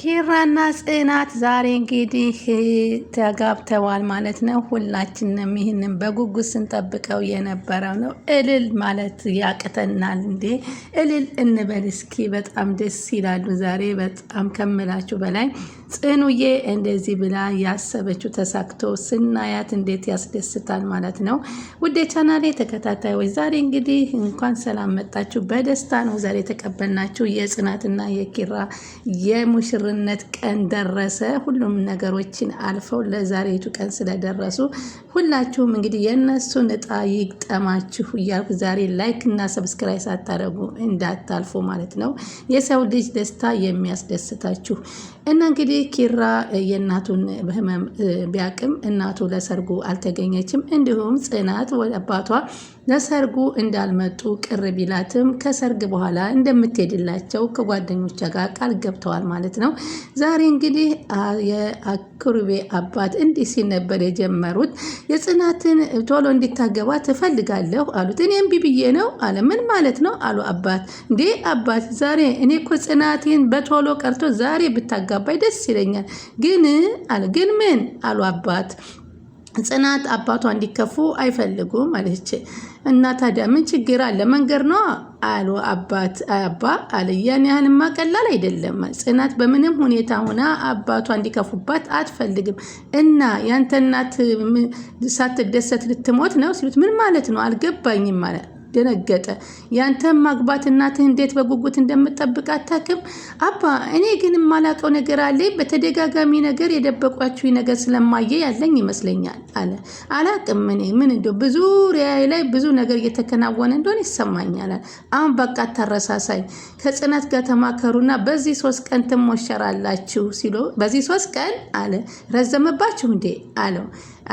ኪራና ጽናት ዛሬ እንግዲህ ተጋብተዋል ማለት ነው። ሁላችንም ይህንን በጉጉት ስንጠብቀው የነበረው ነው። እልል ማለት ያቅተናል እንዴ! እልል እንበል እስኪ። በጣም ደስ ይላሉ ዛሬ በጣም ከምላችሁ በላይ ጽኑዬ እንደዚህ ብላ ያሰበችው ተሳክቶ ስናያት እንዴት ያስደስታል ማለት ነው። ውዴ ቻናሌ ተከታታዮች ዛሬ እንግዲህ እንኳን ሰላም መጣችሁ። በደስታ ነው ዛሬ የተቀበልናችሁ። የጽናትና የኪራ የሙሽርነት ቀን ደረሰ። ሁሉም ነገሮችን አልፈው ለዛሬቱ ቀን ስለደረሱ ሁላችሁም እንግዲህ የእነሱን እጣ ይግጠማችሁ እያልኩ ዛሬ ላይክ እና ሰብስክራይብ ሳታደርጉ እንዳታልፉ ማለት ነው። የሰው ልጅ ደስታ የሚያስደስታችሁ እና እንግዲህ እንግዲህ ኪራ የእናቱን ህመም ቢያቅም እናቱ ለሰርጉ አልተገኘችም። እንዲሁም ጽናት አባቷ ለሰርጉ እንዳልመጡ ቅር ቢላትም ከሰርግ በኋላ እንደምትሄድላቸው ከጓደኞቿ ጋር ቃል ገብተዋል ማለት ነው። ዛሬ እንግዲህ የአክሩቤ አባት እንዲህ ሲል ነበር የጀመሩት። የጽናትን ቶሎ እንዲታገባ ትፈልጋለሁ አሉት። እኔም ብዬ ነው አለ። ምን ማለት ነው አሉ አባት። እንዴ አባት ዛሬ እኔ እኮ ጽናቴን በቶሎ ቀርቶ ዛሬ ብታጋባይ ደስ ይለኛል። ግን አለ ግን ምን አሉ አባት ጽናት አባቷ እንዲከፉ አይፈልጉም አለች። እና ታዲያ ምን ችግር አለ? መንገድ ነው አሉ አባት አባ አለ። ያን ያህልማ ቀላል አይደለም። ጽናት በምንም ሁኔታ ሆና አባቷ እንዲከፉባት አትፈልግም። እና ያንተ እናት ሳትደሰት ልትሞት ነው ሲሉት ምን ማለት ነው አልገባኝም ማለት ደነገጠ። ያንተም ማግባት እናትህ እንዴት በጉጉት እንደምጠብቅ አታውቅም? አባ እኔ ግን የማላውቀው ነገር አለ። በተደጋጋሚ ነገር የደበቋችሁ ነገር ስለማየ ያለኝ ይመስለኛል አለ። አላቅም እኔ ምን እንደው ብዙ ሪያይ ላይ ብዙ ነገር እየተከናወነ እንደሆነ ይሰማኛል። አሁን በቃ አታረሳሳይ፣ ከጽናት ጋር ተማከሩና በዚህ ሶስት ቀን ትሞሸራላችሁ ሲሎ በዚህ ሶስት ቀን አለ ረዘመባችሁ እንዴ አለው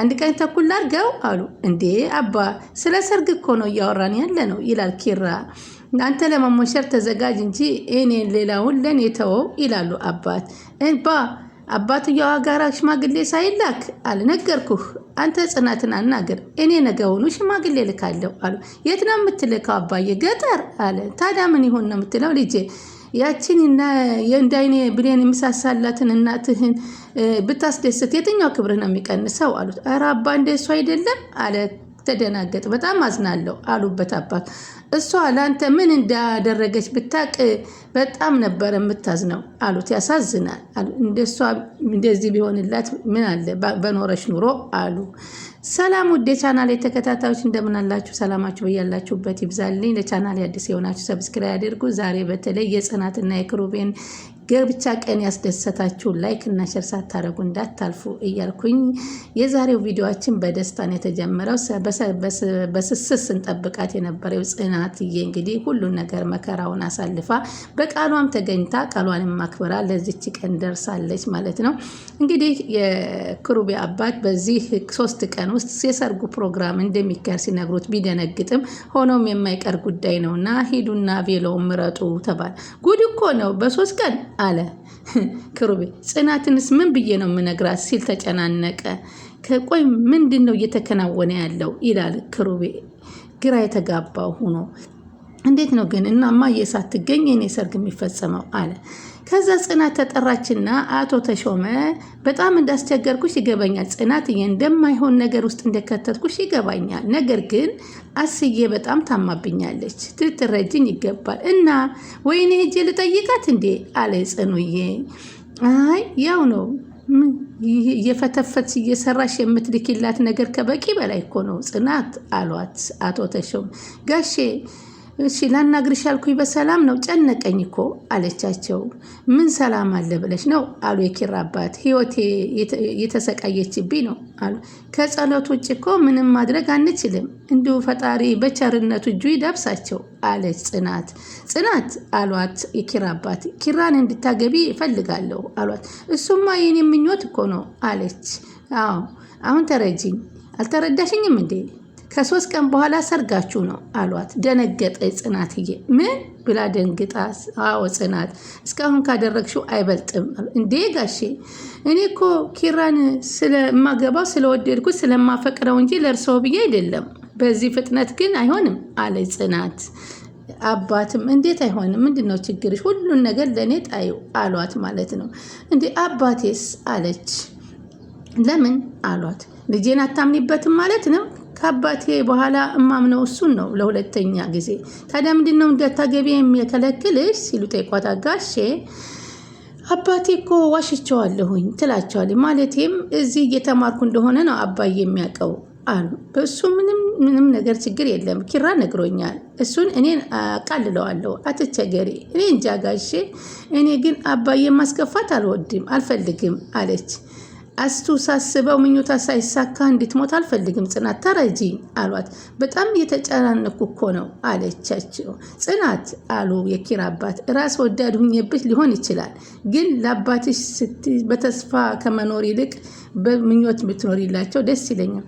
አንድ ቀን ተኩል ላርገው አሉ። እንዴ አባ ስለ ሰርግ እኮ ነው እያወራን ያለ ነው ይላል ኪራ። አንተ ለመሞሸር ተዘጋጅ እንጂ እኔን ሌላውን ለኔ ተወው ይላሉ አባት። እንባ አባትየዋ ጋራ ሽማግሌ ሳይላክ አልነገርኩህ። አንተ ጽናትን አናገር፣ እኔ ነገውኑ ሽማግሌ ልካለሁ አሉ። የት ነው የምትልከው አባዬ? ገጠር አለ። ታዲያ ምን ይሁን ነው የምትለው ልጄ ያችን እንደ ብሌን የምሳሳላትን እናትህን ብታስደስት የትኛው ክብርህ ነው የሚቀንሰው አሉት። ኧረ አባ እንደሱ አይደለም አለ። ተደናገጥ በጣም አዝናለሁ አሉበት አባት። እሷ ለአንተ ምን እንዳደረገች ብታቅ በጣም ነበረ የምታዝነው አሉት። ያሳዝናል። እንደሷ እንደዚህ ቢሆንላት ምን አለ በኖረች ኑሮ አሉ። ሰላም ውድ የቻናል የተከታታዮች እንደምን አላችሁ? ሰላማችሁ በያላችሁበት ይብዛልኝ። ለቻናል አዲስ የሆናችሁ ሰብስክራይብ አድርጉ። ዛሬ በተለይ የጽናትና የክሩቤን ገብቻ ቀን ያስደሰታችሁ ላይክ እና ሸር ሳታደረጉ እንዳታልፉ እያልኩኝ የዛሬው ቪዲዮችን በደስታን የተጀመረው በስስት ስንጠብቃት የነበረው ጽናትዬ እንግዲህ ሁሉን ነገር መከራውን አሳልፋ በቃሏም ተገኝታ ቃሏንም ማክበራ ለዚች ቀን ደርሳለች ማለት ነው። እንግዲህ የክሩቤ አባት በዚህ ሶስት ቀን ውስጥ የሰርጉ ፕሮግራም እንደሚካሄድ ሲነግሩት ቢደነግጥም ሆኖም የማይቀር ጉዳይ ነውና ሂዱና ቬሎ ምረጡ ተባለ። ጉድ እኮ ነው በሶስት ቀን አለ ክሩቤ። ጽናትንስ ምን ብዬ ነው የምነግራት ሲል ተጨናነቀ። ከቆይ ምንድን ነው እየተከናወነ ያለው ይላል ክሩቤ ግራ የተጋባ ሆኖ እንዴት ነው ግን እየሳት ትገኝ የኔ ሰርግ የሚፈጸመው? አለ። ከዛ ጽናት ተጠራችና አቶ ተሾመ በጣም እንዳስቸገርኩሽ ይገባኛል፣ ጽናት እንደማይሆን ነገር ውስጥ እንደከተትኩሽ ይገባኛል። ነገር ግን አስዬ በጣም ታማብኛለች፣ ትትረጅኝ ይገባል እና ወይኔ ሄጄ ልጠይቃት እንዴ? አለ ጽኑዬ። አይ ያው ነው እየፈተፈት እየሰራሽ የምትልኪላት ነገር ከበቂ በላይ እኮ ነው ጽናት አሏት አቶ ተሾም። ጋሼ እሺ ላናግርሽ ያልኩኝ በሰላም ነው ጨነቀኝ እኮ አለቻቸው። ምን ሰላም አለ ብለሽ ነው አሉ የኪራ አባት። ህይወቴ የተሰቃየችብኝ ነው አሉ። ከጸሎት ውጭ እኮ ምንም ማድረግ አንችልም፣ እንዲሁ ፈጣሪ በቸርነቱ እጁ ይዳብሳቸው አለች ጽናት። ጽናት አሏት የኪራ አባት፣ ኪራን እንድታገቢ እፈልጋለሁ አሏት። እሱማ የኔ ምኞት እኮ ነው አለች። አዎ አሁን ተረጅኝ፣ አልተረዳሽኝም እንዴ ከሶስት ቀን በኋላ ሰርጋችሁ ነው አሏት። ደነገጠ ጽናትዬ። ምን ብላ ደንግጣ፣ አዎ ጽናት እስካሁን ካደረግሽው አይበልጥም። እንዴ ጋሼ እኔ እኮ ኪራን ስለማገባው ስለወደድኩት ስለማፈቅረው እንጂ ለእርሰው ብዬ አይደለም። በዚህ ፍጥነት ግን አይሆንም አለ ጽናት። አባትም እንዴት አይሆንም? ምንድን ነው ችግርሽ? ሁሉን ነገር ለእኔ ጣዩ አሏት ማለት ነው። እንዴ አባቴስ አለች። ለምን አሏት። ልጄን አታምኒበትም ማለት ነው ከአባቴ በኋላ እማምነው እሱን ነው ለሁለተኛ ጊዜ። ታዲያ ምንድን ነው እንዳታገቢ የሚከለክልሽ ሲሉ ጠይቋት ጋሼ አባቴ እኮ ዋሽቸዋለሁኝ ትላቸዋለች። ማለቴም እዚህ እየተማርኩ እንደሆነ ነው አባዬ የሚያውቀው አሉ። በእሱ ምንም ምንም ነገር ችግር የለም ኪራ ነግሮኛል። እሱን እኔን አቃልለዋለሁ፣ አትቸገሪ። እኔ እንጃ ጋሼ፣ እኔ ግን አባዬ ማስከፋት አልወድም አልፈልግም አለች። አስቱ ሳስበው ምኞታ ሳይሳካ እንድትሞት አልፈልግም ጽናት ተረጂ አሏት። በጣም እየተጨናነኩ እኮ ነው አለቻቸው። ጽናት አሉ የኪራ አባት፣ ራስ ወዳድ ሁኜብሽ ሊሆን ይችላል፣ ግን ለአባትሽ በተስፋ ከመኖር ይልቅ በምኞት ብትኖሪላቸው ደስ ይለኛል።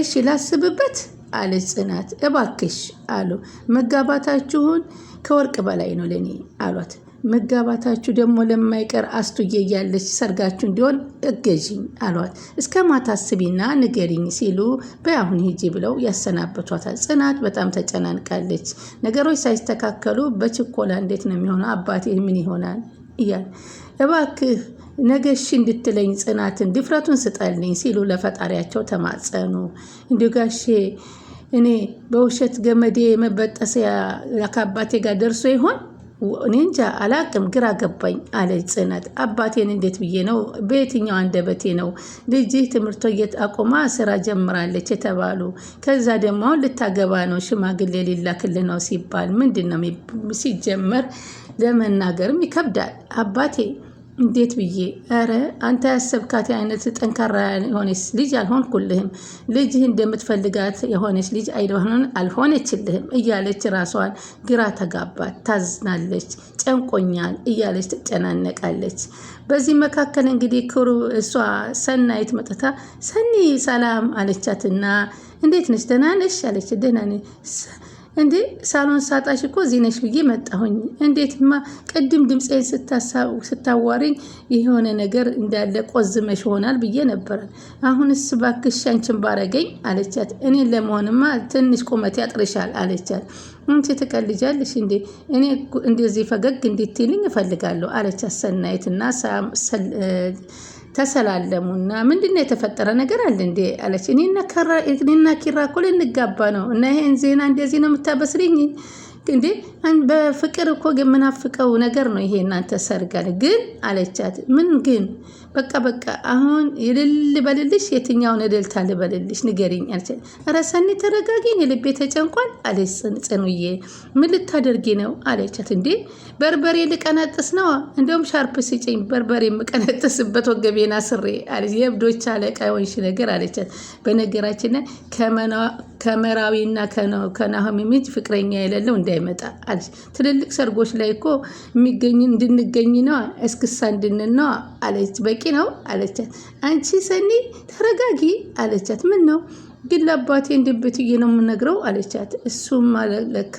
እሺ ላስብበት አለች ጽናት። እባክሽ አሉ መጋባታችሁን ከወርቅ በላይ ነው ለእኔ አሏት። መጋባታችሁ ደግሞ ለማይቀር አስቱዬ እያለች ሰርጋችሁ እንዲሆን እገዥኝ አሏት። እስከ ማታ አስቢና ንገሪኝ ሲሉ በአሁን ሂጂ ብለው ያሰናበቷታል። ጽናት በጣም ተጨናንቃለች። ነገሮች ሳይስተካከሉ በችኮላ እንዴት ነው የሚሆነው? አባቴ ምን ይሆናል እያል እባክህ ነገሽ እንድትለኝ ጽናትን ድፍረቱን ስጠልኝ ሲሉ ለፈጣሪያቸው ተማጸኑ። እንዲሁ ጋሼ እኔ በውሸት ገመዴ መበጠሰያ ከአባቴ ጋር ደርሶ ይሆን እኔ እንጃ አላቅም፣ ግራ ገባኝ አለ ጽናት። አባቴን እንዴት ብዬ ነው በየትኛው አንደበቴ ነው ልጅህ ትምህርቶ አቆማ ስራ ጀምራለች የተባሉ ከዛ ደግሞ ልታገባ ነው ሽማግሌ ሊላክልህ ነው ሲባል ምንድን ነው ሲጀመር ለመናገርም ይከብዳል አባቴ እንዴት ብዬ ኧረ አንተ ያሰብካት አይነት ጠንካራ የሆነች ልጅ አልሆንኩልህም፣ ልጅህ እንደምትፈልጋት የሆነች ልጅ አይሆንን አልሆነችልህም እያለች ራሷን ግራ ተጋባት፣ ታዝናለች፣ ጨንቆኛል እያለች ትጨናነቃለች። በዚህ መካከል እንግዲህ ክሩ እሷ ሰናይት መጥታ ሰኒ ሰላም አለቻትና እንዴት ነች ደህና ነሽ አለች ደህና እንዴ ሳሎን ሳጣሽ እኮ እዚህ ነሽ ብዬ መጣሁኝ። እንዴትማ ቅድም ድምፄን ስታዋሪኝ የሆነ ነገር እንዳለ ቆዝመሽ ይሆናል ብዬ ነበረ። አሁንስ እባክሽ አንቺን ባረገኝ አለቻት። እኔ ለመሆንማ ትንሽ ቁመት ያጥርሻል አለቻት። አንቺ ትቀልጃለሽ እንዴ እኔ እንደዚህ ፈገግ እንድትይልኝ እፈልጋለሁ አለቻት። ሰናይትና ተሰላለሙና ና ነው የተፈጠረ ነገር አለ እንዴ አለች። እኔና ኪራ እኮ ልንጋባ ነው እና ይሄን ዜና እንደዚህ ነው የምታበስሪኝ እንዴ? በፍቅር እኮ የምናፍቀው ነገር ነው ይሄ እናንተ ሰርጋል ግን አለቻት። ምን ግን በቃ በቃ አሁን ይልል በልልሽ፣ የትኛውን እልልታ ልበልልሽ ንገሪኝ አለች። ኧረ ሰኒ ተረጋጊ፣ ልቤ ተጨንቋል አለች ጽኑዬ። ምን ልታደርጊ ነው አለቻት። እንዴ በርበሬ ልቀነጥስ ነው? እንደውም ሻርፕ ስጭኝ በርበሬ የምቀነጥስበት ወገቤና ስሬ አለች። የእብዶች አለቃ የሆንሽ ነገር አለቻት። በነገራችን ላይ ከመራዊ ከመራዊና ከናሆም ምጅ ፍቅረኛ የሌለው እንዳይመጣ አለች። ትልልቅ ሰርጎች ላይ እኮ የሚገኝ እንድንገኝ ነዋ፣ እስክሳ እንድንነዋ አለች። ልትወድቂ ነው አለቻት። አንቺ ሰኒ ተረጋጊ አለቻት። ምን ነው ግን ለአባቴ እንድብትዬ ነው የምነግረው አለቻት። እሱም ለካ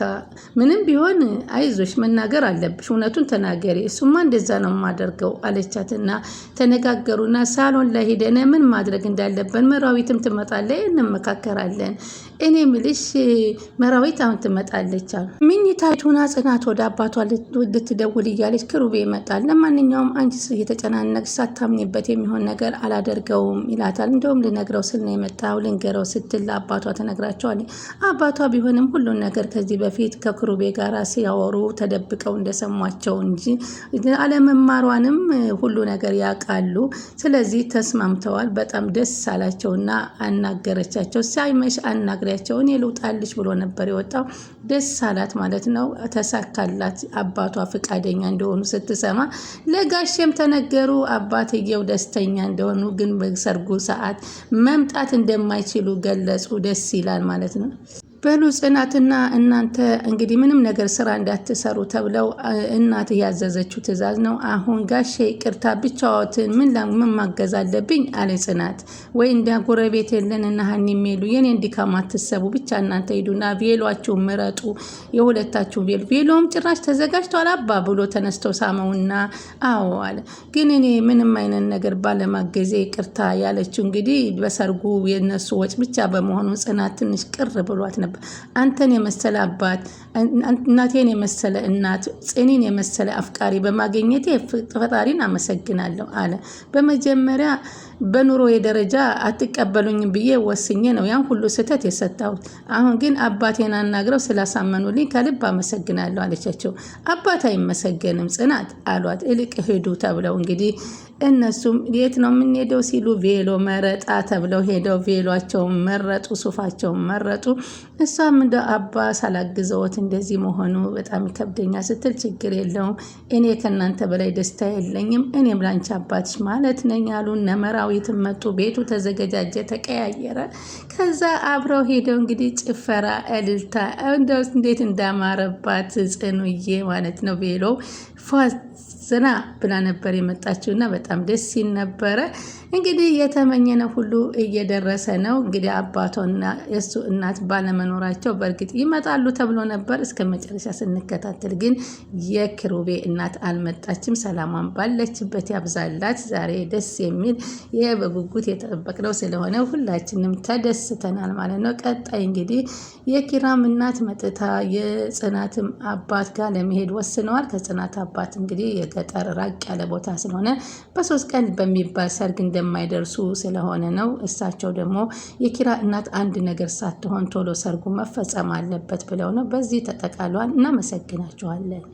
ምንም ቢሆን አይዞሽ መናገር አለብሽ፣ እውነቱን ተናገሪ። እሱማ እንደዛ ነው የማደርገው አለቻትና ተነጋገሩና ሳሎን ላይ ሄደን ምን ማድረግ እንዳለብን መራዊትም ትመጣለ እንመካከራለን እኔ ምልሽ መራዊት አሁን ትመጣለች አሉ። ምኝታ ቱና ጽናት ወደ አባቷ ልትደውል እያለች ክሩቤ ይመጣል። ለማንኛውም አንቺ የተጨናነቅሽ ሳታምኝበት የሚሆን ነገር አላደርገውም ይላታል። እንደውም ልነግረው ስል ነው የመጣው ልንገረው ስትል ለአባቷ ተነግራቸዋል። አባቷ ቢሆንም ሁሉን ነገር ከዚህ በፊት ከክሩቤ ጋር ሲያወሩ ተደብቀው እንደሰሟቸው እንጂ አለመማሯንም ሁሉ ነገር ያውቃሉ። ስለዚህ ተስማምተዋል። በጣም ደስ አላቸውና አናገረቻቸው ሳይመሽ አናግረ ከአካባቢያቸው እኔ ልውጣልሽ ብሎ ነበር የወጣው። ደስ አላት ማለት ነው። ተሳካላት። አባቷ ፈቃደኛ እንደሆኑ ስትሰማ ለጋሼም ተነገሩ። አባትየው ደስተኛ እንደሆኑ ግን በሰርጉ ሰዓት መምጣት እንደማይችሉ ገለጹ። ደስ ይላል ማለት ነው። በሉ ጽናትና እናንተ እንግዲህ ምንም ነገር ስራ እንዳትሰሩ ተብለው እናት ያዘዘችው ትእዛዝ ነው። አሁን ጋሼ ቅርታ ብቻዎትን ምን ምን ማገዝ አለብኝ አለ ጽናት። ወይ እንደ ጎረቤት የለን እና ሀኒ የሚሉ የኔ እንዲካም አትሰቡ፣ ብቻ እናንተ ሂዱና ቬሏችሁን ምረጡ፣ የሁለታችሁ ቬሎ። ቬሎም ጭራሽ ተዘጋጅቷል አባ ብሎ ተነስተው ሳመውና አዎ አለ። ግን እኔ ምንም አይነት ነገር ባለማገዜ ቅርታ ያለችው እንግዲህ በሰርጉ የነሱ ወጭ ብቻ በመሆኑ ጽናት ትንሽ ቅር ብሏት ነበር። አንተን የመሰለ አባት፣ እናቴን የመሰለ እናት፣ ጽኒን የመሰለ አፍቃሪ በማግኘቴ ፈጣሪን አመሰግናለሁ አለ። በመጀመሪያ በኑሮ ደረጃ አትቀበሉኝም ብዬ ወስኜ ነው ያን ሁሉ ስህተት የሰጠሁት። አሁን ግን አባቴን አናግረው ስላሳመኑልኝ ከልብ አመሰግናለሁ አለቻቸው። አባት አይመሰገንም ጽናት አሏት። እልቅ ሂዱ ተብለው እንግዲህ እነሱም የት ነው የምንሄደው ሲሉ ቬሎ መረጣ ተብለው ሄደው ቬሏቸውን መረጡ፣ ሱፋቸውን መረጡ። እሷም እንደ አባ ሳላግዘዎት እንደዚህ መሆኑ በጣም ይከብደኛ ስትል ችግር የለውም እኔ ከእናንተ በላይ ደስታ የለኝም፣ እኔም ላንቺ አባትሽ ማለት ነኝ አሉ። መጡ። ቤቱ ተዘገጃጀ፣ ተቀያየረ። ከዛ አብረው ሄደው እንግዲህ ጭፈራ፣ እልልታ እንደው እንዴት እንዳማረባት ጽኑዬ ማለት ነው ቬሎ ፏ ብላ ነበር የመጣችውና በጣም በጣም ደስ ሲል ነበረ። እንግዲህ የተመኘነው ሁሉ እየደረሰ ነው። እንግዲህ አባቷና የእሱ እናት ባለመኖራቸው በእርግጥ ይመጣሉ ተብሎ ነበር። እስከ መጨረሻ ስንከታተል ግን የክሩቤ እናት አልመጣችም። ሰላሟን ባለችበት ያብዛላት። ዛሬ ደስ የሚል ይህ በጉጉት የጠበቅነው ስለሆነ ሁላችንም ተደስተናል ማለት ነው። ቀጣይ እንግዲህ የኪራም እናት መጥታ የጽናትም አባት ጋር ለመሄድ ወስነዋል። ከጽናት አባት እንግዲህ የገጠር ራቅ ያለ ቦታ ስለሆነ በሶስት ቀን በሚባል ሰርግ እንደ እንደማይደርሱ ስለሆነ ነው። እሳቸው ደግሞ የኪራ እናት አንድ ነገር ሳትሆን ቶሎ ሰርጉ መፈጸም አለበት ብለው ነው። በዚህ ተጠቃሏን እናመሰግናችኋለን።